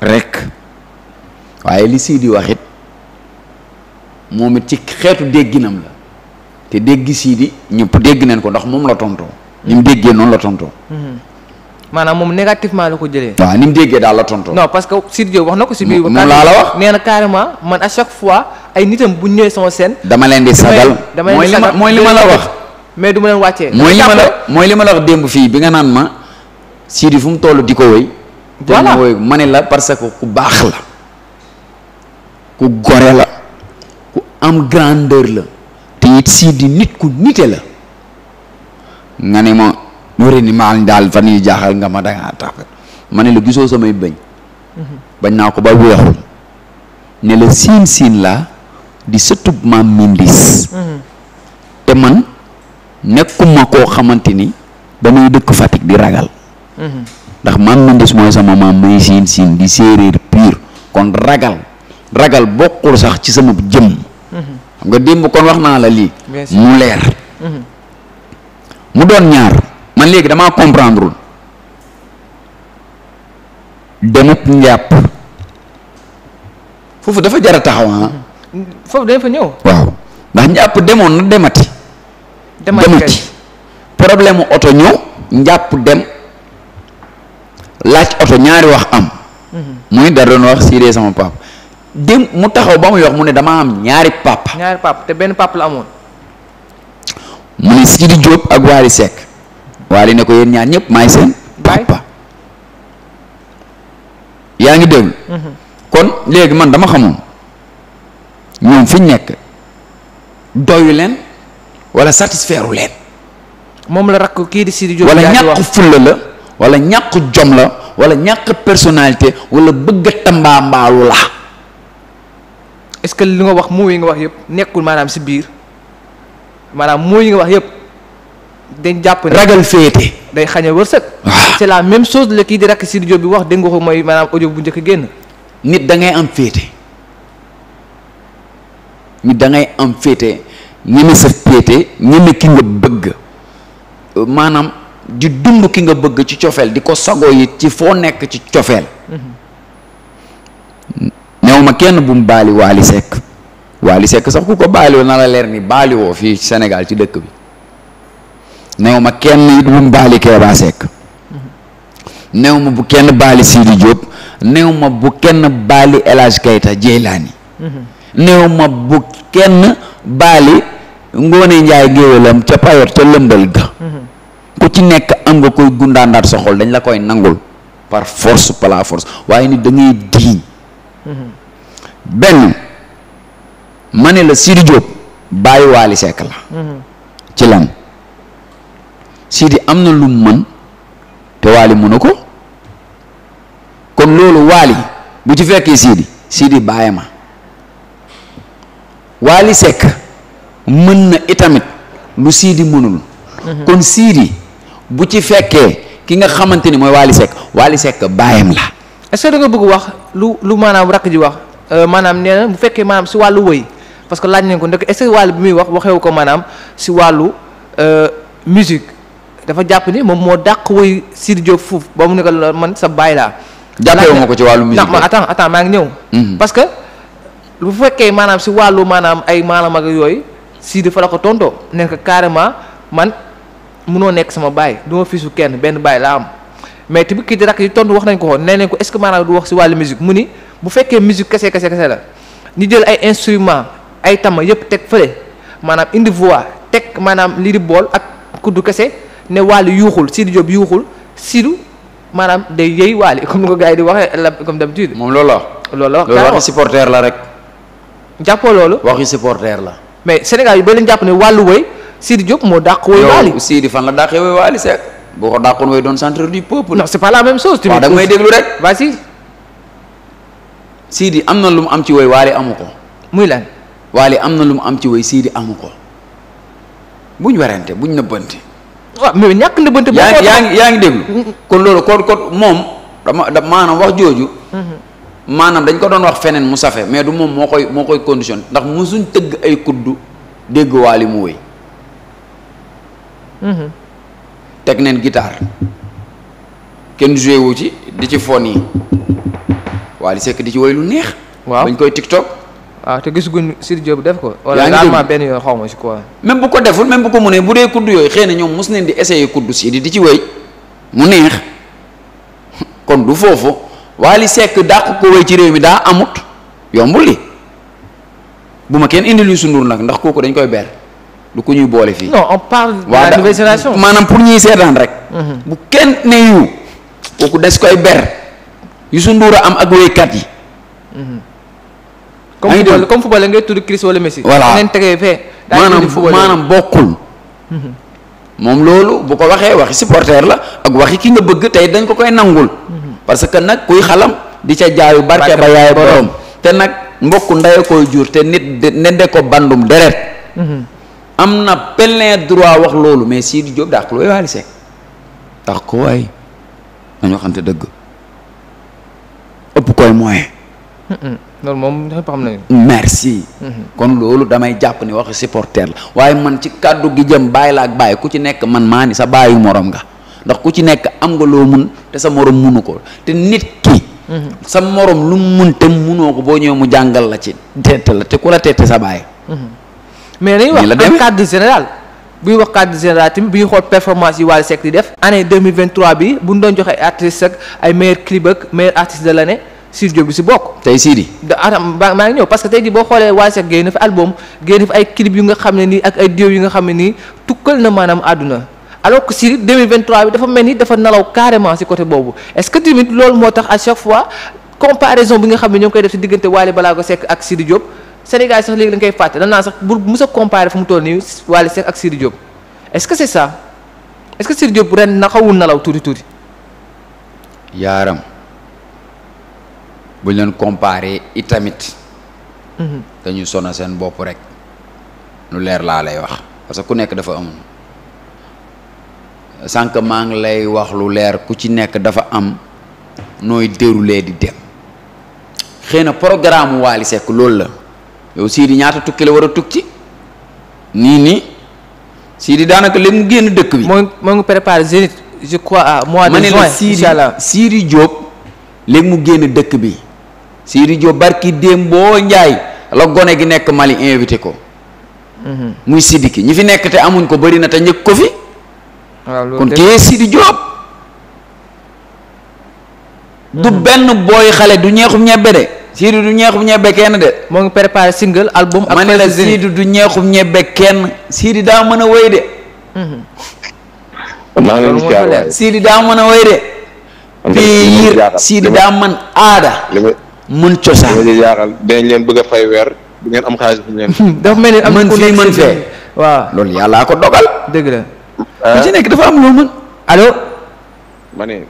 rek waaye li sii di wax it moom it ci xeetu dégginam la te dégg sii di ñëpp dégg nañ ko ndax moom la tontoo ni mu déggee noonu la tontoo mhm. maanaam moom négativement la ko jëlee waaw ni mu déggee daal la tontoo non parce que Sidy Diop wax na ko si biir moom laa la wax nee na man à chaque fois ay nitam bu ñëwee sama seen dama leen di sagal dama mooy li ma wax mais du ma wàccee mooy li ma la mooy li ma la wax démb fii bi nga naan ma Sidy fu mu toll di ko woy voilà te la parce que ku baax la ku gore la ku am grandeur la te it sii di nit ku nite la nga ne ma wari ni daal fa yu jaaxal nga ma dangaa tax ma la gisoo samay bëñ bañ naa ko ba weexul ne la siin siin laa di sëtub maam mindis te man nekkuma koo xamante ni damay dëkk Fatick di ragal ndax man Mendes mooy sama maam may siin siin di séeréer pur kon ragal ragal bokkul sax ci sama jëmm xam nga démb kon wax naa la lii mu leer mu doon ñaar man léegi damaa comprendreul demut njàpp foofu dafa jar a taxaw ah ndax njàpp demoon na demati demati problème oto ñëw njàpp dem laaj oto ñaari wax am. Mhm. muy da doon wax Siré sama papa. dem mu taxaw ba muy wax mu ne dama am ñaari papa. ñaari papa te benn papa la amoon. mu ne Sidi Diop ak Waly Seck. Waly ne ko yéen ñaar ñëpp maay seen. papa yaa ngi déglu. Mhm. kon léegi man dama xamoon ñoom fi nekk doyu leen wala satisfaire leen. moom la rakk kii di Sidi Diop. wala ñàkk fulla la. wala ñàkk jom la wala ñàkk personnalité wala bëgg a tambaambaalu la est-ce que li nga wax moo yi nga wax yëpp nekkul maanaam si biir maanaam moo nga wax yëpp dañ jàpp ragal féete day xañe wërsëg c'est la même chose la kii di rakk si rajo bi wax dégg nga ko mooy maanaam ojo bu njëkk génn nit dangay ngay am féete nit da ngay am féete ñeme sa féete ñeme ki nga bëgg maanaam di dund ki nga bëgg ci cofeel di ko sagoo it ci foo nekk ci cofeel néew ma kenn bu mu baali waali sekk waali sekk sax ku ko baaliwoo na la leer ni baaliwoo fii senegal ci dëkk bi néew ma kenn bu baali Kéba Sekk néew ma bu kenn baali Sidi Diop néew ma bu kenn baali El Hadj Keita Jeylaani néew ma bu kenn baali Ngoone Njaay géwélam ca payor ca lëmbal ga ku ci nekk am nga koy gundaandaat soxool dañ la koy nangul par force par la force waaye nit da ngay diiñ benn ma ne la Sidi Diop bàyyi Waly Seck la ci lan Sidi am na lu mën te Waly mënu ko kon loolu Waly bu ci fekkee Sidi Sidi bàyyi ma Waly sekk mën na itamit lu Sidi mënul kon Sidi bu ci fekkee ki nga xamante ni mooy Wally Seck Wally Seck baayam la. est-ce nga bëgg wax lu lu maanaam rakk ji wax euh, maanaam nee bu fekkee maanaam si wàllu wëy parce que laaj nañ ko ndax est-ce bi muy wax waxewu ko maanaam si wàllu euh, musique dafa jàpp ni moom moo dàq wëy Sidy foofu ba mu ne ko man sa baay laa. jàppewu ma ko ci wàllu musique ndax attends attends maa ngi ñëw. Mhm. parce que bu fekkee maanaam si wàllu maanaam ay maanaam ak yooyu Sidy dafa la ko tonto ne ko carrément man. munoo nekk sama baay du ma fisu kenn benn baay laa am mais te bu kii rakk yi tontu wax nañ ko xool nee ne ko est-ce que maanaam du wax si wàllu musique mu ni bu fekkee musique kese kese kese la ñu jël ay instrument ay tama yëpp teg fële maanaam indi voix teg maanaam lii bool ak kuddu kese ne wàllu yuuxul Sidy Diop yuuxul Sidy maanaam day yëy waale comme ni ko gars di waxee la comme d'habitude. moom loolu la. loolu la waxi supporter la rek. jàppoo loolu. waxi supporter la. mais Sénégal yu ba leen jàpp Sidi Diop moo dàq woy Waly yow Sidi fan la dàqee woy Waly Seck boo ko dàqoon woy doon centre du peuple. non c'est pas la même chose. Sidi am na lu am ci woy Waly amu ko. muy lan. Waly am na lu mu am ci woy amu ko buñ werante buñ nëbbante. waaw mais ñàkk nëbbante. yaa ngi yaa ngi yaa kon loolu kon kon moom dama da maanaam wax jooju. Mm-hmm. maanaam dañ ko doon wax feneen mu safe mais du moom moo koy moo koy condition ndax mosuñ tëgg ay kuddu dégg Waly mu woy Mhm. teg neen guitare kenn joué wu ci di ci fon yi Wally sekk di ci woy lu neex. waaw bañ koy TikTok. waaw ah, te gisaguñ Sidy def ko. yaa ngi benn yoon xaw ma si quoi. même bu ko deful même bu ko nee bu dee kudd yooyu xëy na ñoom mos neen di essayer kudd Sidy di ci woy mu neex kon du foofu Wally sekk dàq ko woy ci réew mi daa amut yombul li bu ma kenn indi lu sundur nag ndax kooku dañ koy ber. du ko ñuy boole fii. non on maanaam pour ñuy seetaan rek. Mhm. bu kenn ne yu kooku des koy ber yu su a am ak wéykat yi. Mhm. comme football comme football ngay tudd maanaam maanaam bokkul. Mhm. moom loolu bu ko waxee waxi supporter la ak waxi ki nga bëgg tey dañ ko koy nangul. parce que nag kuy xalam di ca jaayu barke ba yaay borom te nag mbokk ndey koy jur te nit de ko bandum deret. am na plein droit wax loolu mais Sidi Diop dàq looy Wally Seck ko waay nañu waxante dëgg ëpp koy moyen loolu moom xam nañu merci kon loolu damay jàpp ni waxi supporter la waaye man ci kàddu gi jëm bàyyi la ak bàyyi ku ci nekk man maa ni sa bàyyi morom nga ndax ku ci nekk am nga loo mun te sa morom munu ko te nit ki mm-hmm. sa morom lu mu mun te munoo ko boo ñëw mu jàngal la ci teete la te ku la teete sa bàyyi mm-hmm. mais dañuy wax en cadre général buy wax cadre général tamit bu ñu xool performance yi Wally Seck di def année 2023 bi bu doon joxe ay ak ay meilleur clip ak meilleur artiste si bokk. tey Sidy. maa maa ngi ñëw parce que tey jii boo xoolee Wally Seck génn na fi album génn ay clip yu nga xam ne nii ak ay diw yu nga xam ne nii tukkal na maanaam àdduna alors que Sidy 2023 bi dafa mel ni dafa nalaw carrément si côté boobu est-ce que tamit loolu moo tax à chaque fois comparaison bi nga xam ne ñoo ngi koy def si diggante Wally Sénégal yi sax léegi dañ koy fàtte dañ naa sax bu mos a comparé fu mu toll nii Wally ak Sidy Diop est-ce que c'est ça est-ce que Sidy Diop ren na xawul nalaw tuuti tuuti. yaaram buñ leen comparé itamit. Mhm. dañu sonal seen bopp rek. lu leer laa lay wax parce que ku nekk dafa am sànq maa ngi lay wax lu leer ku ci nekk dafa am nooy déroulé di dem xëy na programme Wally Seck loolu la. yow Sidi ñaata tukki la war a tukki nii nii Sidi daanaka léegi mu génn dëkk bi. moo moo ngi préparé Zénith je crois à mois de juin incha allah ma ne la mu génn dëkk bi Sidi Diop barki Dembo Ndiaye gone gi nekk Mali invité ko. Mhm. muy Sidiki ñi fi nekk te amuñ ko bëri na te njëkk ko fi. kon kii Sidi Diop. du mhm. benn booy xale du ñeexum ñebbe de. Sidy du ñeexum ñebe kenn de. moo ngi préparé single album. ak ma ne la Sidy du ñeexum ñebe kenn Sidy daa mën a wéy de. Mm-hmm. maa ngi leen daa mën a wéy de. piir Sidy daa mën aada. mën cosaan li jaaxal dañ leen bëgg a weer du ngeen am xaalis bu ngeen. dafa mel ni am mën fii mën fee. waaw loolu yàllaa ko dogal. dëgg la. ku ci euh, nekk dafa am loo mën. allo. ma ne.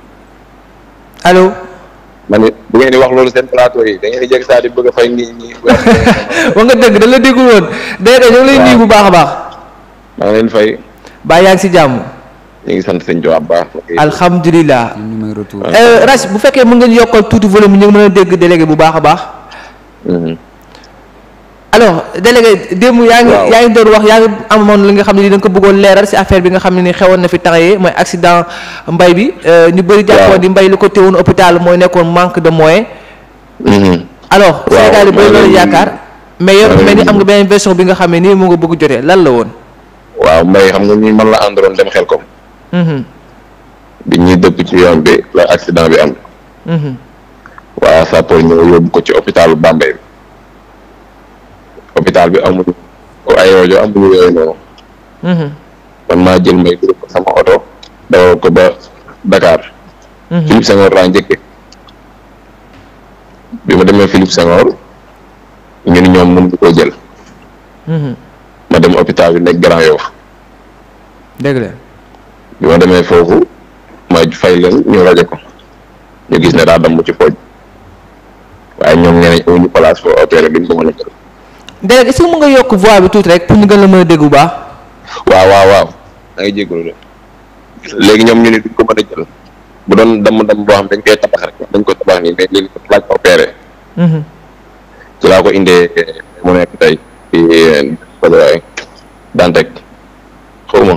man ne bu ngeen di wax loolu seen plateau yi da ngeen di jekk saa di bëgg fay ñi ñi wax nga dëgg da la déggul woon déedéet ñu ngi lay bu baax a baax maa ngi leen fay baa yaa ngi si jàmm ñu ngi sant sëñ Joab baax alhamdulilah euh, Rach bu fekkee mën nga ñu yokkal tuuti volume ñu ngi mën a dégg délégué bu baax a baax mm-hmm. alors délégué démb yaa ngi yaa ngi doon wax yaa ngi amoon li nga xam ne ni da ko bëggoon leeral si affaire bi nga xam ne ni xewoon na fi taxee mooy accident mbay bi euh, ñu bëri jàppoon di mbay lu ko téewoon hôpital mooy nekkoon manque de moyen mm-hmm. alors Sénégal yi bëri yaakaar mais yow mel ni mm-hmm. am nga beneen version bi nga xam ni nii mu nga bëgg jotee lan la woon waaw mbay xam nga ñu man la àndaloon dem xel ko mm-hmm. bi ñuy dëpp ci yoon bi la accident bi am waaw sappo ñëw yóbbu ko ci hôpital Bambey bi hôpital bi amuñu ay rajo amuñu yooyu noonu mm-hmm. man maa jël may dugg sama oto dawal ko ba Dakar mm-hmm. Philippe Senghor laa njëkke bi ma demee Philippe Senghor ñu ni ñoom mënuñu koo jël mm-hmm. ma dem hôpital bi nekk Grand Yoff dëgg bi ma demee foofu ma fay leen ñu rajo ñu gis ne daa damm ci pooj waaye ñoom nee nañ amuñu place pour opérer duñ ko mën a jël Derek est-ce que nga yokk voix bi tuuti rek pour ñu gën la mën a dégg bu baax. waaw waaw waaw da léegi ñoom ñu ne duñ ko mën a jël bu doon damm damm boo xam dañ koy tabax rek dañ ko tabax nii mais léegi dafa laaj opéré. Mhm. ci laa ko indee mu nekk tey fii Dantec xaw ma